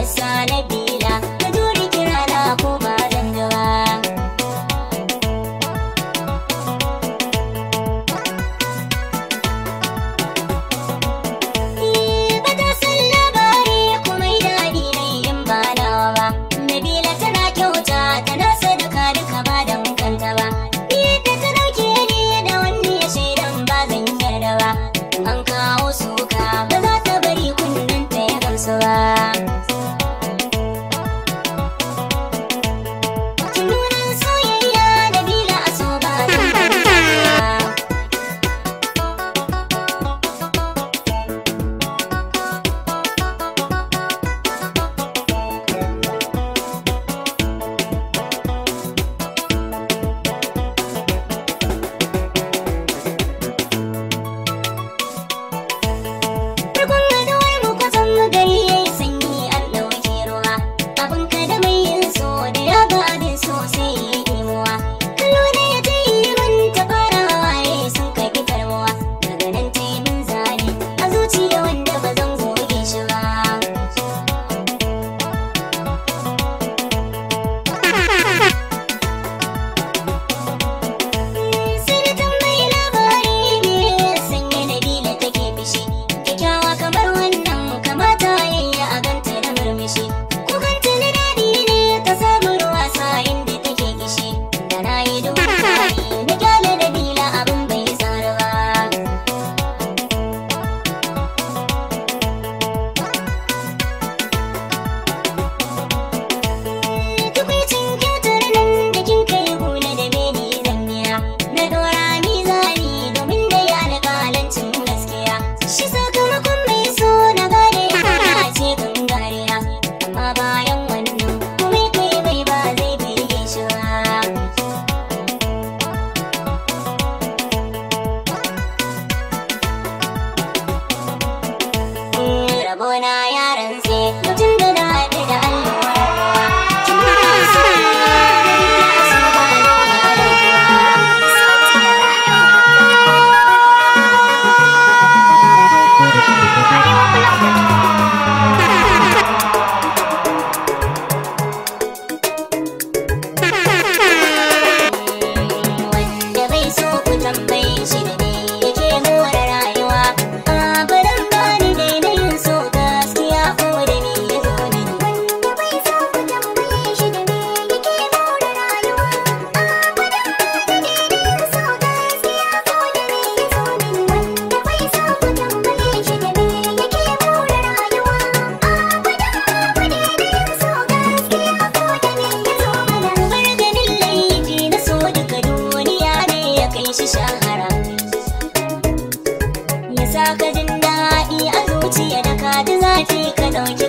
Yes, I be. ka jin daɗi a zuciya da ka da zafi ka ɗauki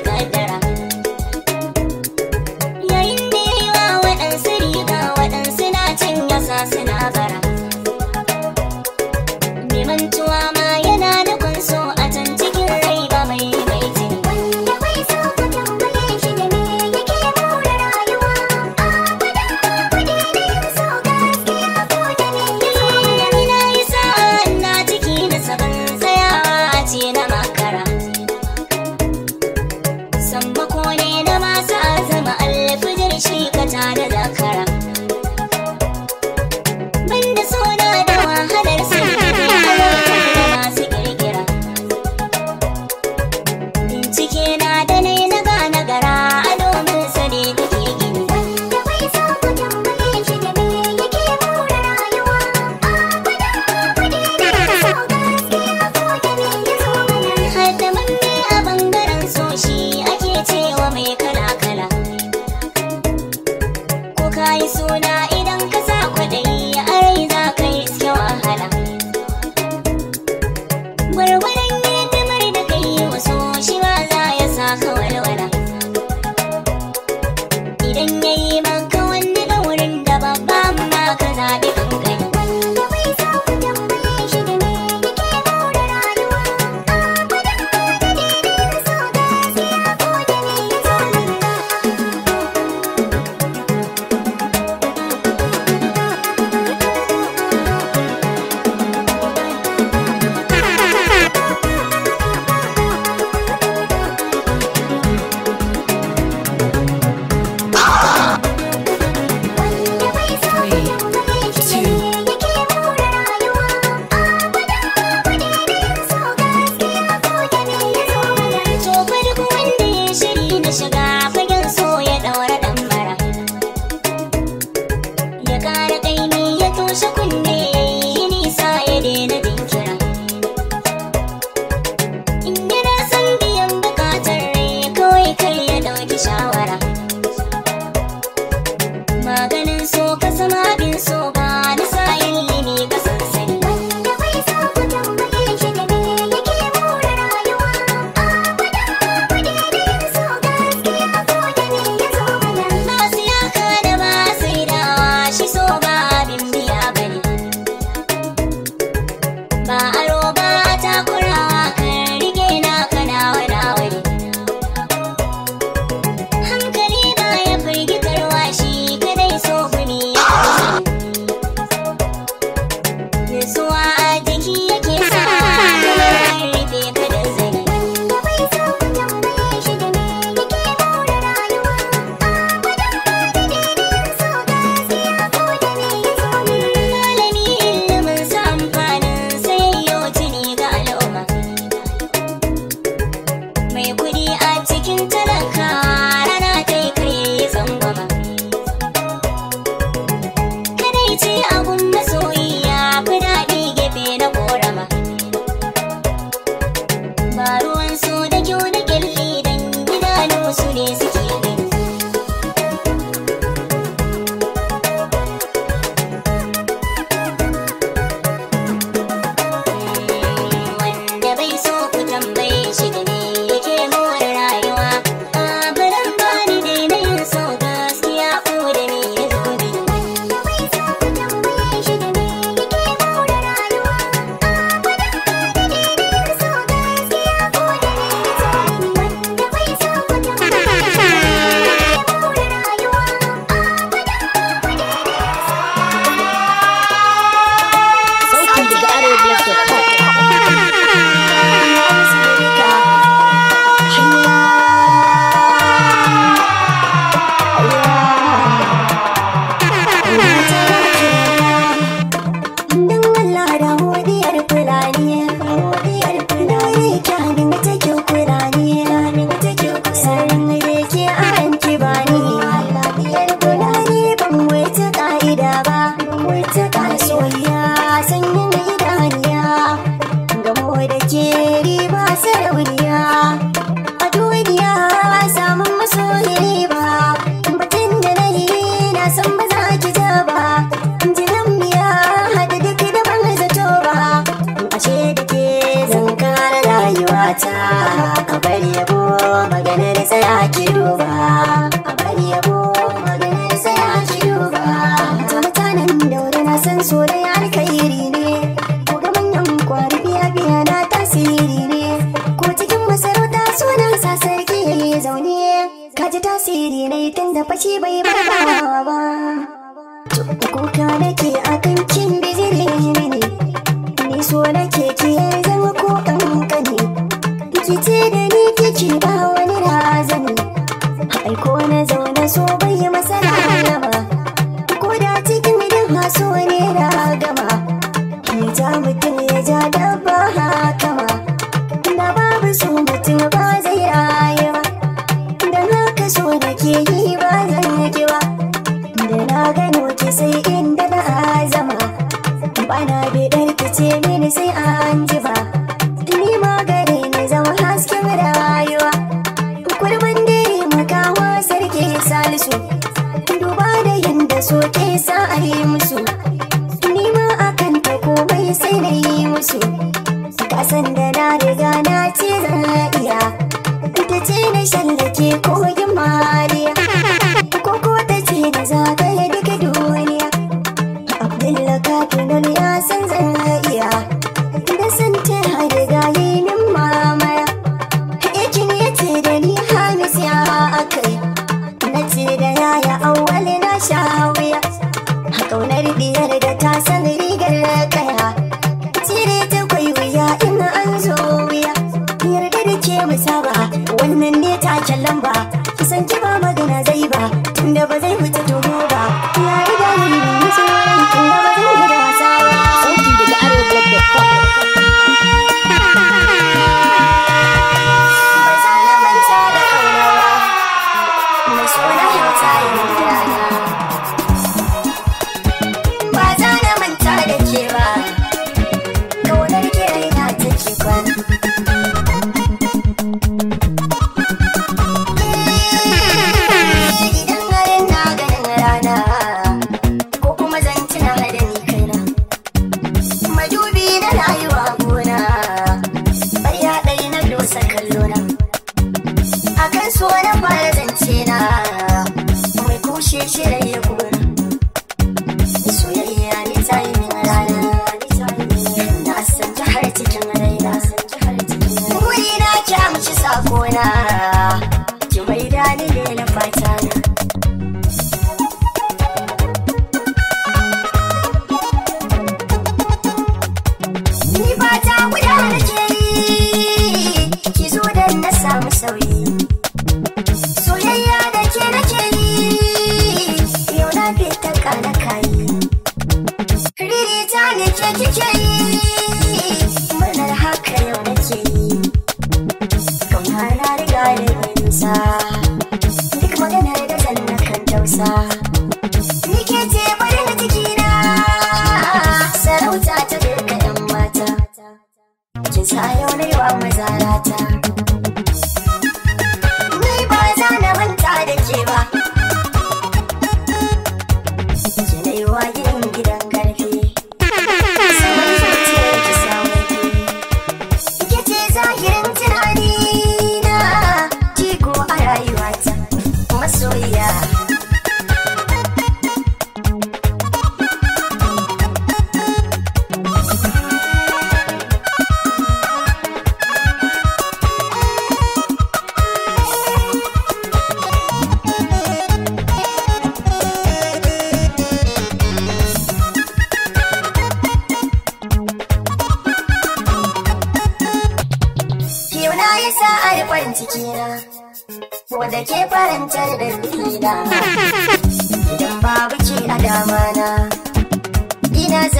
Magic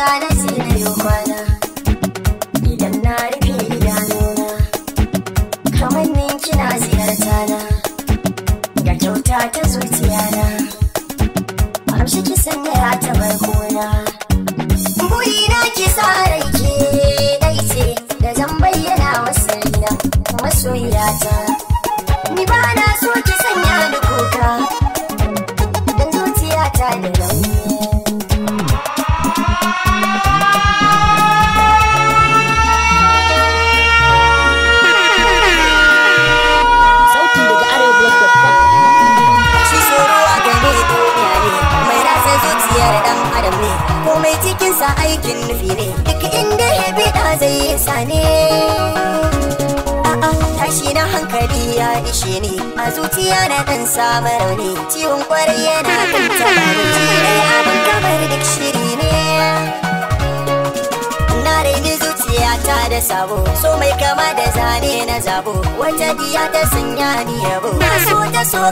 爱的信念，又快乐。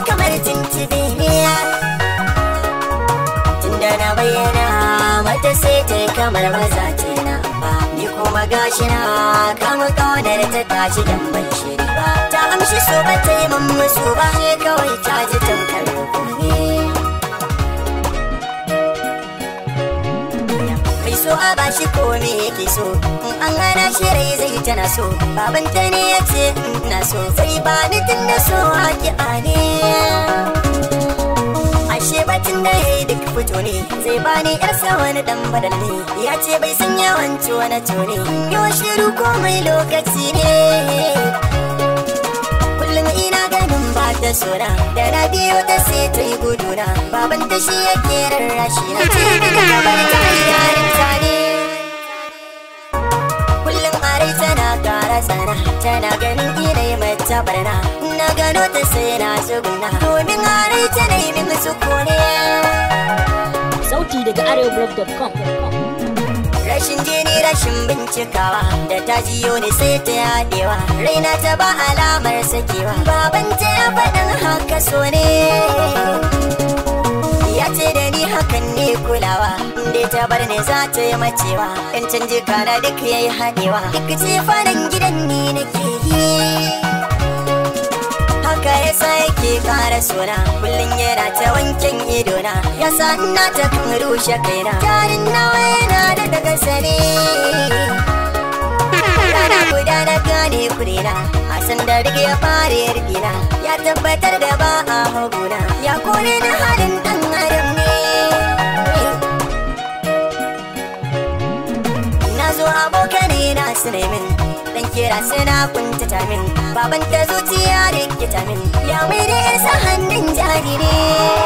kamar tuntubi. niya tunda na bayyana mata sai ta kamar maza ce na ba ni kuma gashi na kama kawadar ta tashi dan ban shiri ba ta amshi so ba ta yi min musu ba ne kawai ta ji tamkar rukuni kai so a bashi ko me yake so hana shirai zai tana so babanta ne ya ce na so ba ni tun da so ne ashe batun da ya yi duk fito ne zai ba ni yarsa wani dan badalle ya ce bai san yawan ciwo na ciwo yau shiru komai lokaci ne kullum ina ganin ba ta sona da na biyo ta sai ta yi guduna babanta shi ya ke rarrashi na ce daga gabar ta yarin ta fara tana ganin ilai mata tabarna na gano ta sai na tsuguna domin harai ta na yi min su sauti daga rashin jini rashin bincikawa da ta jiyo ne sai ta yadewa raina ta ba alamar sakewa baban ta ya faɗin haka so ne ya ce da ni hakan ne kulawa inda ta bar ne za ta yi mai karewa yan canje kana duk yayi hanewa duk ce farin gidan ne nake yi haka yasa yake kara suna kullum yana ta wankin idona yasa ina ta kan rushe kaina tarin nawa yana da daga sare rana guda na gane kurina a da rige ya fara yardina ya tabbatar da ba a haguna ya kore ni halin dan adam abokane na su min dan kira suna kuntata min baban ta zuciya ta min ya mai da yasa hannun jariri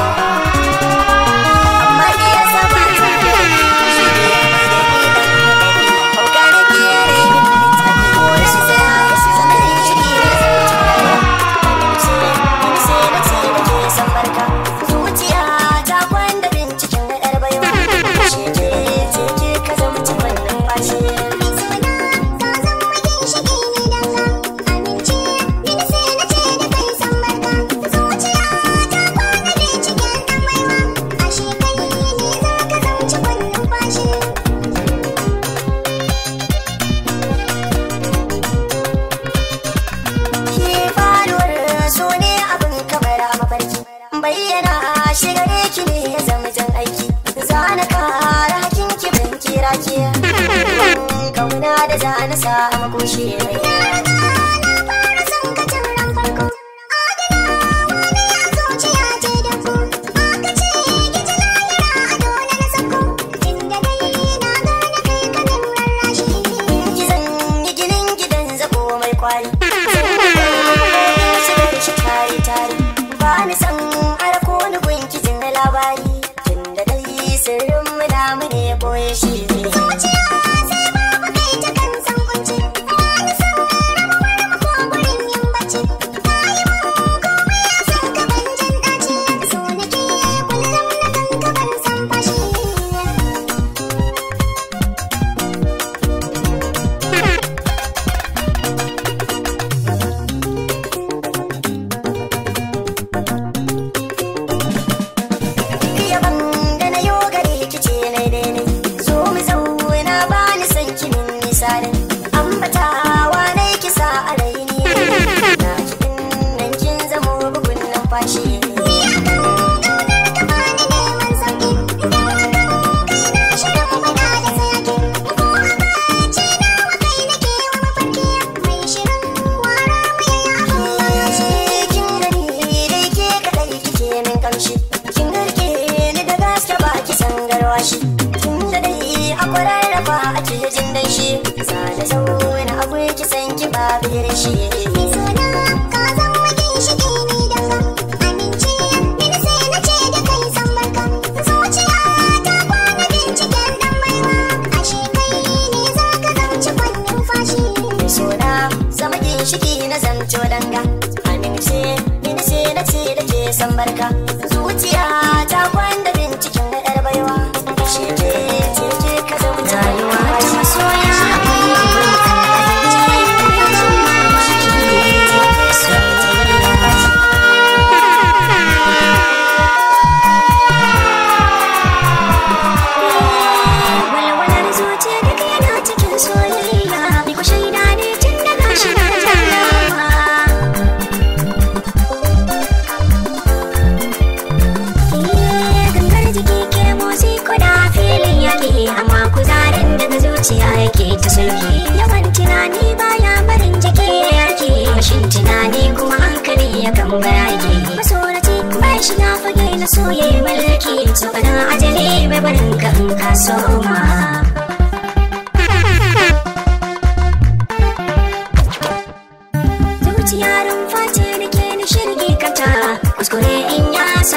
ta sulki yawan tunani baya barin jiki yaki mashin tunani kuma hankali ya gambara yake masoraci bai na fage na soyayya mulki so kana ajali bai barin ka in ma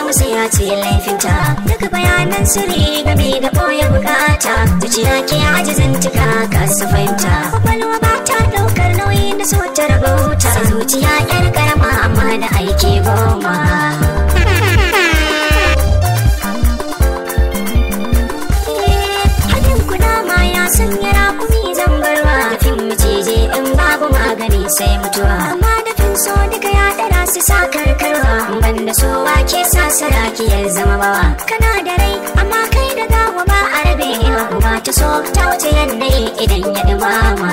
musu ya ce laifinta duk bayanan sirri game da ɓoye bukata zuciya ke ajizin cika kasa fahimta kwakwalwa ba ta ɗaukar nauyin da so ta rabauta zuciya yar karama amma da aiki goma eh, sanya rakumi zan barwa da fin macije in babu magani sai mutuwa so duka ya dara su sa karkarwa banda so wake sa sarakiyar zama bawa kana da rai amma kai da gawa ba a rabe ba ta so ta wuce yadda idan ya dumama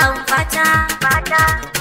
Bata, bata, bata.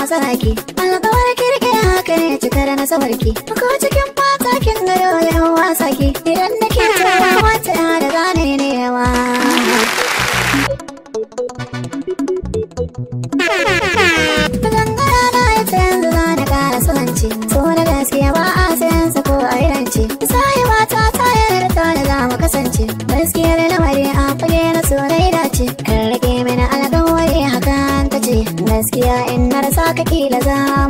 masaraki alkawar a haka ya cikar nasabarki ko cikin watakila za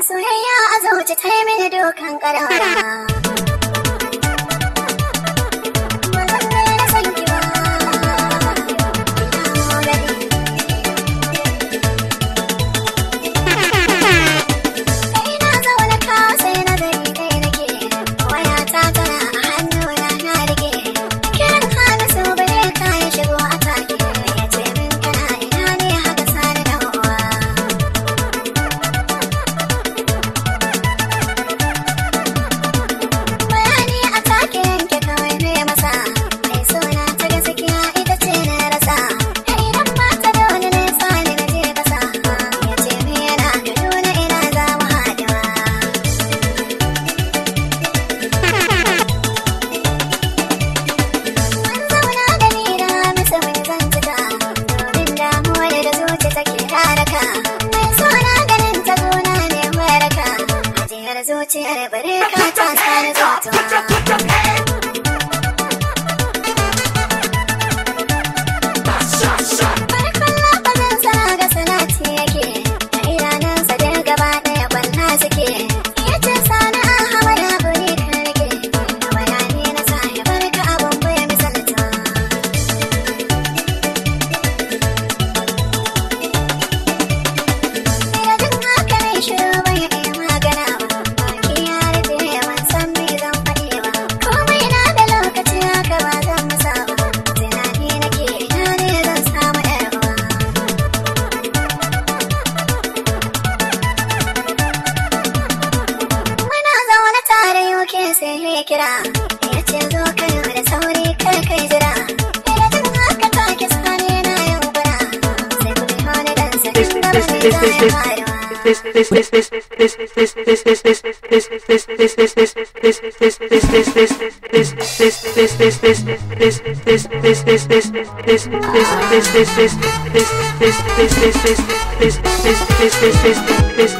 Soyayya a zuci ta mini dokan karara. this this this this this This. This. This. This. This. This. This. This. This. This. This. This. This. This. This. This. This.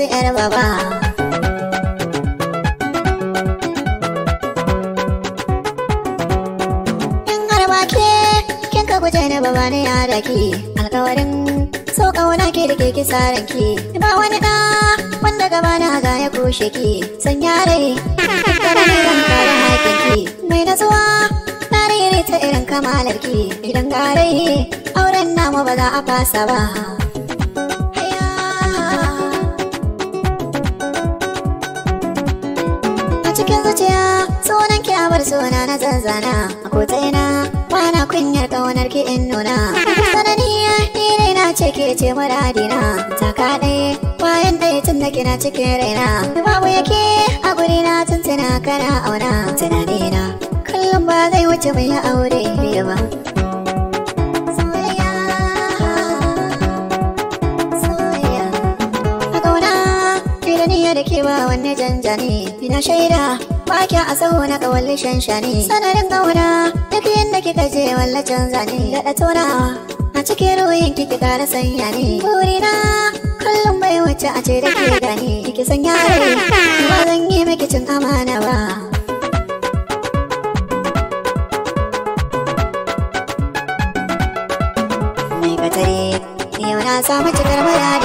su 'yar baba. guje na baba ne ya ki alkawarin so ƙauna ke da ke kisa ranki ba wani da wanda gaba na ga ya kushe ki san yare tattara kare mai nasuwa na rere ta irin kamalarki idan rai auren namu ba za a fasa ba na cikin raina babu yake a guri na tuntuna kana auna tunanina kullum ba zai wuce mai aure ba da ke ba wanne janjani ina shaida ba kya a saho na kawalli shanshani sanarin gauna duk yadda kika je wallacin zane da tona a cikin ruhin kika kara sanya ne burina kullum bai wace a ce da ke gani kike san yare ba zan yi miki cin amana ba mai gatari yau na samu cikar murari